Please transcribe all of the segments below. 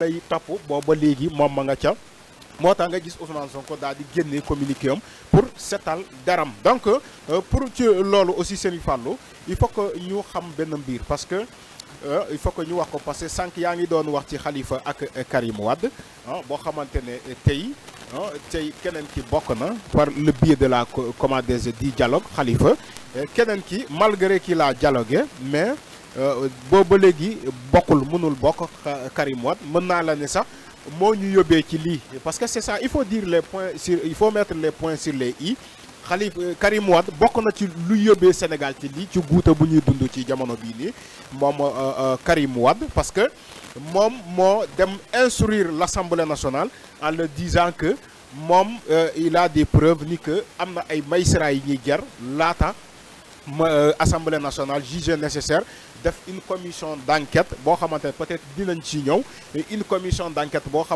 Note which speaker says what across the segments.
Speaker 1: lay topp booba legui mom ma nga ca moo nga gis Ousmane Sonko daal di génne communiqué am pour sétal daram donc euh, pour ci loolu aussi seen i il faut que ñu xam benn mbir parce que euh, il faut que ñu wax ko parce que sank yaa doon wax ci Khalifa ak euh, Karim Wade ah, bo xamantene ne tey ah, tey keneen ki bokk na par le biais de la commande des dialogue Khalifa kenen ki malgré qu'il a dialogué mais euh, boo ba léegi bokkul mënul Karim Wade mën la ne sax mo ñu yobé ci li parce que c'est ça il faut dire les points sur il faut mettre les points sur les i Khalif, euh, Karim Wade bok na ci lu Sénégal ci li ci bu ñuy dund ci euh, Karim parce que mom mo dem instruire l'Assemblée nationale en le disant que il a des preuves ni que amna ay yi euh, assemblée nationale juge nécessaire d'être une commission d'enquête peut-être d'une une commission d'enquête pour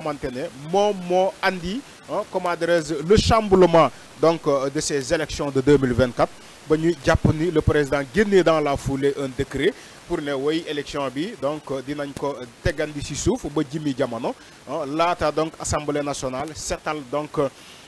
Speaker 1: adresse hein, le chamboulement donc euh, de ces élections de 2024 ba le président guinée dans la foulée un décret pour les élections élection donc euh, dinañ ko ci suuf ba jimi jamono hein, donc assemblée nationale s'étale donc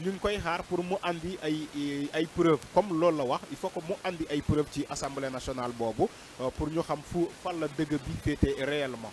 Speaker 1: Nous koy xaar pour mu andi ay preuve comme loolu wax il faut que mu andi ay preuve ci assemblée nationale bobu euh, pour ñu xam fu fan la deug bi réellement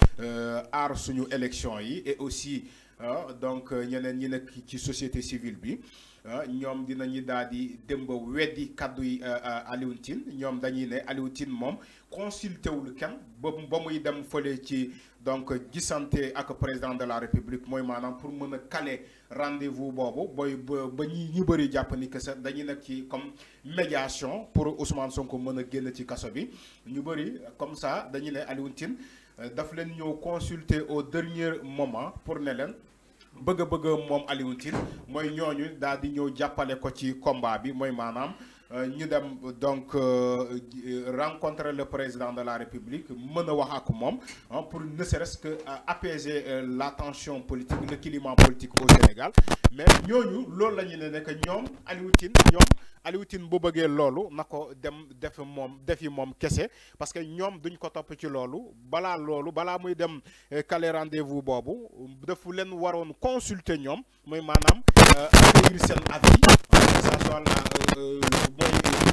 Speaker 1: Euh, ar suñu élection yi et aussi ah, donc euh, ñeneen ñi ci société civile bi ah, ñom dinañu daal dem ba weddi kàddu yi euh, Alioune Tine ñoom dañuy né Alioune Tine moom consulté wul kenn ba muy dem feulé ci donc gisante ak président de la république moy manam pour mën calé rendez-vous bobu boy ba ñi ñu bëri japp ni que ça dañuy nekk ci comme médiation pour Ousmane Sonko mën a génn ci kasso bi ñu bëri comme ça dañuy né Alioune Tine euh, daf leen consulter au dernier moment pour ne leen bëgg-bëgg moom Alioune moy ñooñu daal di ñëw jàppale ko ci combat bi moy maanaam euh, ñu dem donc euh, rencontrer le président de la République mën a wax ak moom hein, pour ne serait-ce que apaiser la politique le climat politique au Sénégal mais ñooñu loolu la ñu ne ne que ñoom Aliou Tine bu Nako loolu na ko dem defi moom defi kese parce que ñoom duñ ko topp ci loolu Bala loolu balaa muy dem kale euh, rendez-vous boobu dafu leen waroon consulter ñoom muy maanaam euh, accueillir seen avis ça soit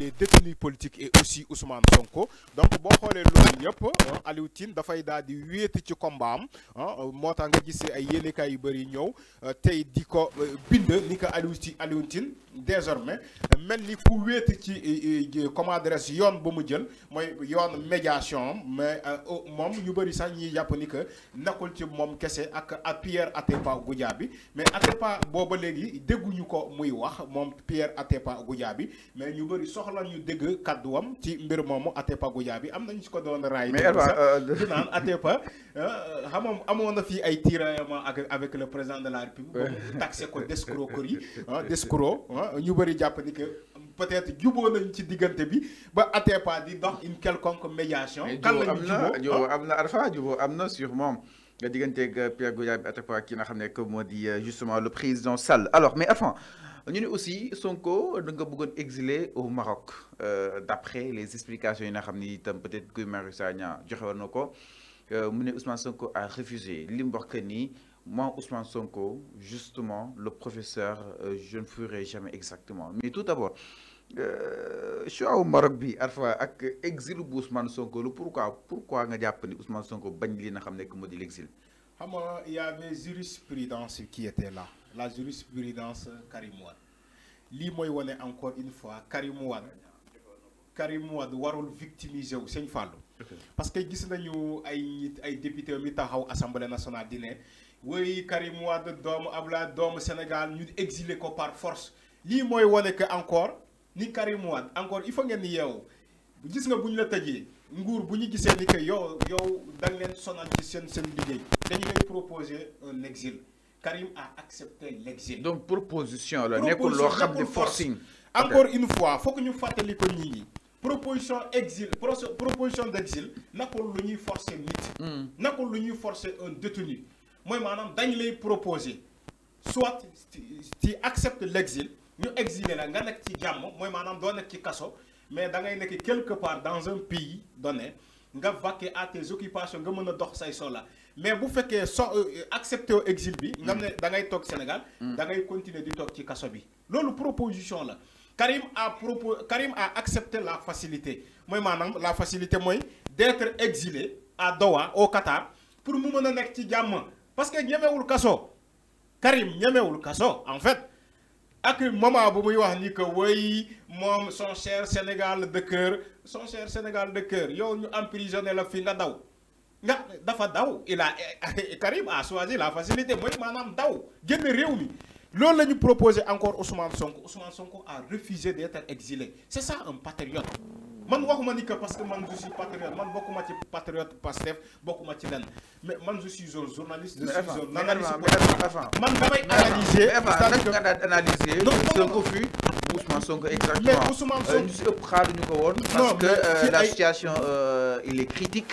Speaker 1: les détenus politiques et aussi Ousmane Sonko donc bon xoolee loolu yëpp hein, Aliou Tine dafay daal di wéeti ci combat am hein, moo tax nga gisee ay yéenekaay yu bëri ñëw euh, tey di ko euh, ni ko Aliou ci désormais Même les ku wéeti ci euh, comment dirais-je yoon yon mu jël mooy yoon médiation mais mom, ñu bëri sax ñuy jàpp ni que nekkul ci que kese ak Pierre Atepa Goudjabi, mais Atepa booba léegi dégguñu ko muy wax moom Pierre Atepa Goudjabi, mais ñu bëri soxla ñu dégg am ci mbir momu Atepa Goudiaby bi am nañu si ko doon ray mais Elba euh, di naan Atepa euh, xam moom amoon na ay tiraillement avec le président de la République. boobu taxé ko d'escroquerie hein, d'escroc hein. ñu bari japp ni que peut-être juboo nañ ci diggante bi ba Atepa di dox une quelconque médiation. kan la ñu juboo juboo am na Alpha
Speaker 2: juboo am na sûrement. nga digganteeg Pierre Goudiaby Atepa ki nga xam que modi euh, justement le président Sall alors mais enfin nous aussi Sonko nous nga exilé au Maroc euh, d'après les explications yi nga peut-être que Marissa Sagna joxe woon na euh, Ousmane Sonko a refusé Limborkani, que moi Ousmane Sonko justement le professeur euh, je ne ferai jamais exactement mais tout d'abord suis au Maroc bi Arfa ak exil Ousmane Sonko le pourquoi pourquoi nga jàpp ni Ousmane Sonko a li nga xam que l'exil.
Speaker 1: il y avait jurisprudence qui était là la jurisprudence Karim Wade lii mooy wane encore une fois Karim Wade warul victimiser wu sëñ parce que gis nañu ay nit ay député mi taxaw assemblée nationale di Oui woy Karim Wade doomu Abdoulaye doomu Sénégal ñu exilé ko par force Li moy wane que encore ni Karim encore il faut ngeen ni yow gis nga buñ la tëjee nguur buñu gissé gisee ni que yow yow da len sonal ci sen sen liggéey Dañ lay proposer un exil Karim a accepté l'exil. donc proposition alors nekkul loo xam ne forcing. encore une fois faut ñu nous ko l'économie. ñi proposition exil proposition d'exil. exil nekkul lu ñuy forcer nit. Hmm. nekkul lu ñuy forcer un détenu Moi Madame dañ lay proposer soit ci accepte l'exil, nous ñu exilé la nga nekk ci jàmm mooy maanaam doo nekk ci mais da ngay quelque part dans un pays donné nga vaquer à tes occupations nga mën a dox say soxla mais vous faites so euh, euh, accepter accepter exil bi. nga ne mm. da Sénégal. vous mm. ngay continuer di proposition là Karim a Karim a accepté la facilité mooy la facilité moyen d'être exilé à Doha au Qatar pour il mën a ci parce que ñemewul pas Karim ñemewul kaso en fait. ak moment bu muy wax ni que woy son cher Sénégal de cœur son cher Sénégal de cœur yow ñu emprisonné la fi a il a eh, Karim a choisi la facilité moi je daw je me suis loolu la a encore Ousmane Sonko Ousmane Sonko a refusé d'être exilé c'est ça un patriote man waxuma ni que parce que je suis patriote man suis ci patriote je suis ci mais je suis journaliste. je suis un journaliste je
Speaker 2: suis analyser. Je à dire Je analyser. non Ousmane Sonko exactement. Ousmane euh, Sonko Je parce que euh, euh, il est critique.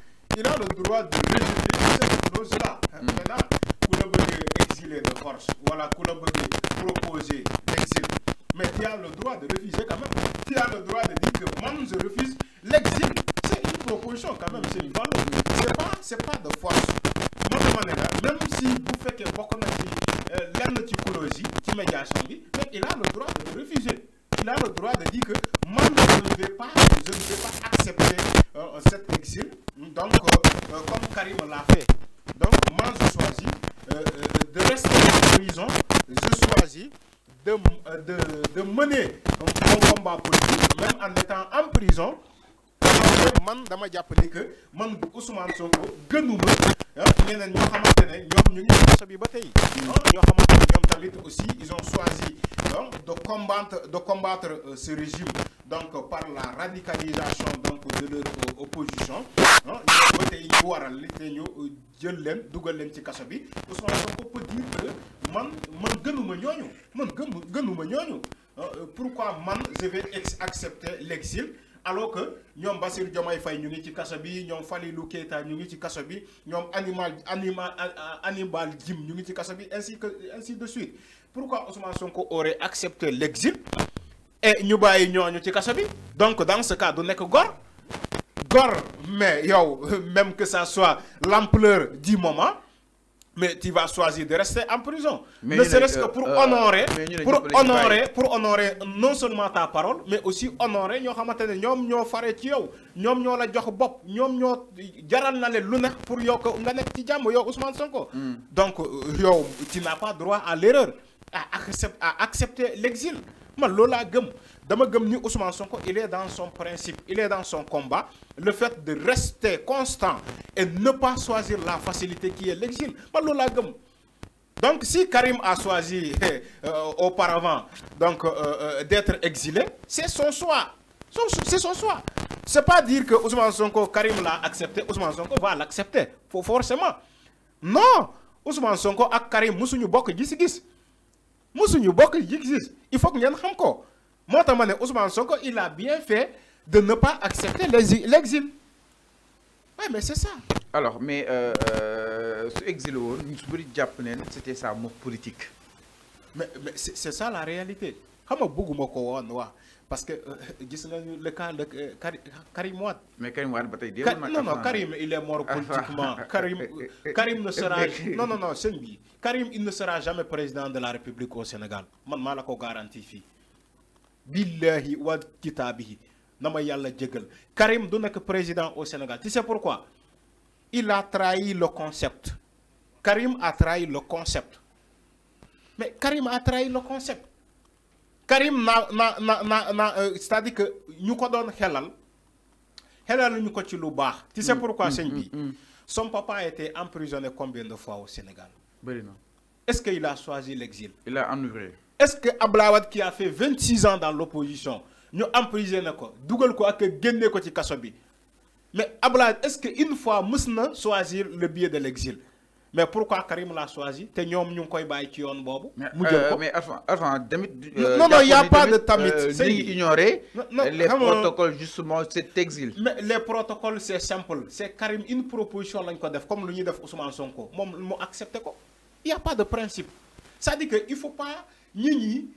Speaker 1: il a le droit de rejeter cette clause-là. Mm. Maintenant, Koulabé exiler de force, voilà, Koulabé proposer l'exil. Mais tu as le droit de refuser quand même. Tu as le droit de dire que moi, je refuse l'exil. C'est une proposition quand même, c'est une valeur. Ce n'est pas, pas de force. toute manière, même si vous faites que beaucoup de psychologie, qui médiation, mais il a le droit de refuser. Il a le droit de dire que moi, je ne vais pas, je ne vais pas accepter euh, cet exil. Donc, euh, euh, comme Karim l'a fait, moi je choisis euh, de rester en prison, je choisis de, mener mon combat politique, même en étant en prison. man que aussi ils ont choisi de combattre de combattre ce régime donc par la radicalisation donc de leur euh, opposition Hein, ba tey ñu waral li euh, jël leen dugal leen ci bi peut dire man man gënuma ñooñu man gën gënuma ñooñu hein, euh, pourquoi man je vais accepter l'exil alors que ñom Bassirou diomay fay ñu ngi ci kaso bi ñoom Falilou Keita ñu ngi ci kaso bi ñom animal animal animal jim ñu ngi ci kaso bi ainsi que ainsi de suite pourquoi Ousmane Sonko aurait accepté l'exil et ñu bay ñooñu ci kaso bi donc dans ce cas du nek gor gor mais yow même que ça soit l'ampleur du moment mais tu vas choisir de rester en prison mais ne serait-ce que euh, pour euh, honorer pour honorer pour honorer non seulement ta parole mais aussi honorer ñoo xamante ñom ñoo faré ci yow ñom ñoo la jox bop ñom ñoo jaral na le lu nek pour yow ko nga nek ci jamm yow Ousmane Sonko hmm. donc euh, yow tu n'as pas droit à l'erreur à accepter l'exil mais lola laa Sonko il est dans son principe il est dans son combat le fait de rester constant et ne pas choisir la facilité qui est l'exil mais donc si Karim a choisi euh, auparavant donc euh, euh, d'être exilé c'est son choix c'est son choix c'est pas dire que Ousmane Sonko Karim l'a accepté Ousmane Sonko va l'accepter forcément non Ousmane Sonko et Karim musuñu bokk gis musuñu bokk gis existe. il faut que nous xam Moi, moo Ousmane Sonko il a bien fait de ne pas accepter l'exil oui mais c'est ça.
Speaker 2: alors mais euh, euh exil woon ñu Japonais, c'était sa mot politique.
Speaker 1: mais mais c'est ça la réalité parce que euh, le cas de euh, Karim Wade. mais Karim Wade non Karim il est mort politiquement. Karim euh, Karim ne sera non non non bi Karim il ne sera jamais président de la République au Sénégal man maa ko billahi wa kitabihi. Nama yalla Karim du nekk président au Sénégal tu sais pourquoi. il a trahi le concept. Karim a trahi le concept. Mais Karim a trahi le concept. Karim euh, c'est-à-dire que nous avons doon un nous le tu sais mm, pourquoi mm, sëñ mm, son papa a été emprisonné combien de fois au Sénégal. est-ce qu'il a choisi l'exil. il a enlevé. est-ce que Abdoulaye qui a fait 26 ans dans l'opposition ñu emprisonné mais Abdoulaye est-ce qu'une fois mës a choisi le biais de l'exil mais pourquoi Karim l'a choisi te ñoom ñu mais euh, tamit. non euh, non a pas de tamit euh, C'est ignoré les protocoles justement c'est exil. mais les protocoles c'est simple C'est Karim une proposition comme lu ñuy def Ousmane Sonko Il mu accepté il y' a pas de principe Ça dit dire que il faut pas ñi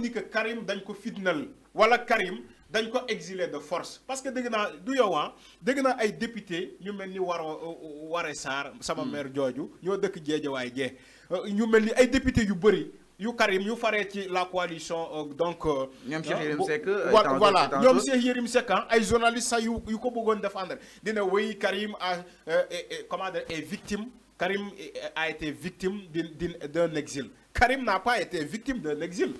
Speaker 1: ni que Karim dañ ko fitnal wala Karim dañ ko exiler de force parce que dégg naa du yow ah dégg naa ay député ñu melni ni Waré euh, euh, sar sama hmm. maire jooju ñoo dëkk Guédiawaye djé euh, ñu melni ay député yu bëri yu Karim yu faré ci la coalition donc. ñom Cheikh Yérim Seck voilà ñoom Cheikh Yérim Seck ay ah, journaliste sax yu yu ko bëggoon défendre dina wéy Karim a comment dire est victime Karim a été victime d'un exil Karim n'a pas été victime d'un exil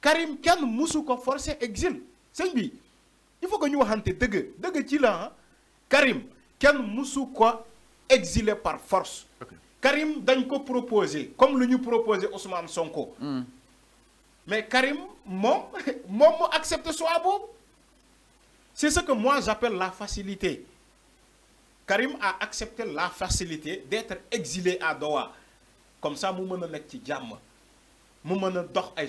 Speaker 1: Karim kenn mësu ko forcer exil. C'est il faut que nous hanté deug Karim, ci la Karim ken musu ko exilé par force. Karim dañ ko proposer comme lu ñu proposer Ousmane Sonko. Hmm. mais Karim mom accepté ce accepté a c'est ce que moi j'appelle la facilité. Karim a accepté la facilité d'être exilé à Doha comme ça mu la nek d'être ci à mu meuna a dox ay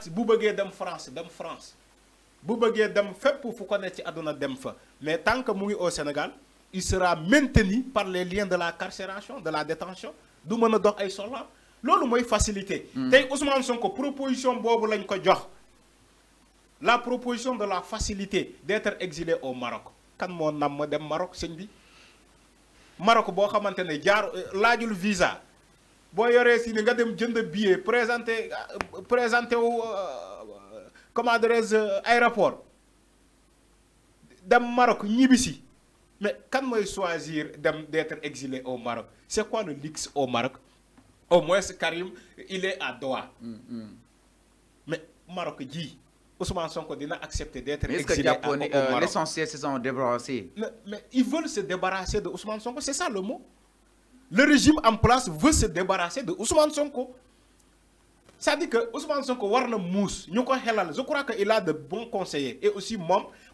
Speaker 1: si vous bu aller dem France en France bu vous dem aller fu ko vous ci àdduna dem fa mais tant que vous ngi au Sénégal il sera maintenu par les liens de la carcération de la détention du mën a dox ay ce qui est facilité. Hmm. tey Ousmane Sonko proposition boobu lañ ko la proposition de la facilité d'être exilé au Maroc quand mon nam ma au Maroc sëñ bi Maroc boo xamante ne jaar euh, laajul visa. Vous voyez si nga dem jënd billet présenté présenté wu euh, comment dirais euh, aéroport de Maroc ñibbisi mais quand je choisir d'être exilé au Maroc c'est quoi le luxe au Maroc au moins Karim il est à Doha. Mm-hmm. mais Maroc dit, Ousmane Sonko dina accepté d'être exilé au euh, Maroc.
Speaker 2: L'essentiel c'est s'en débarrasser.
Speaker 1: mais ils veulent se débarrasser de Ousmane Sonko c'est ça le mot le régime en place veut se débarrasser de Ousmane Sonko. ça dit que Ousmane Sonko mousse, je crois qu'il a de bons conseillers et aussi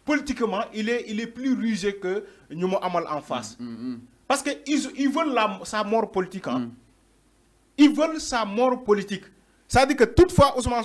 Speaker 1: politiquement, il est, il est plus rusé que Nyumo Amal en face. Mm, mm, mm. Parce qu'ils ils veulent la, sa mort politique. Hein. Ils veulent sa mort politique. ça dit que toutefois Ousmane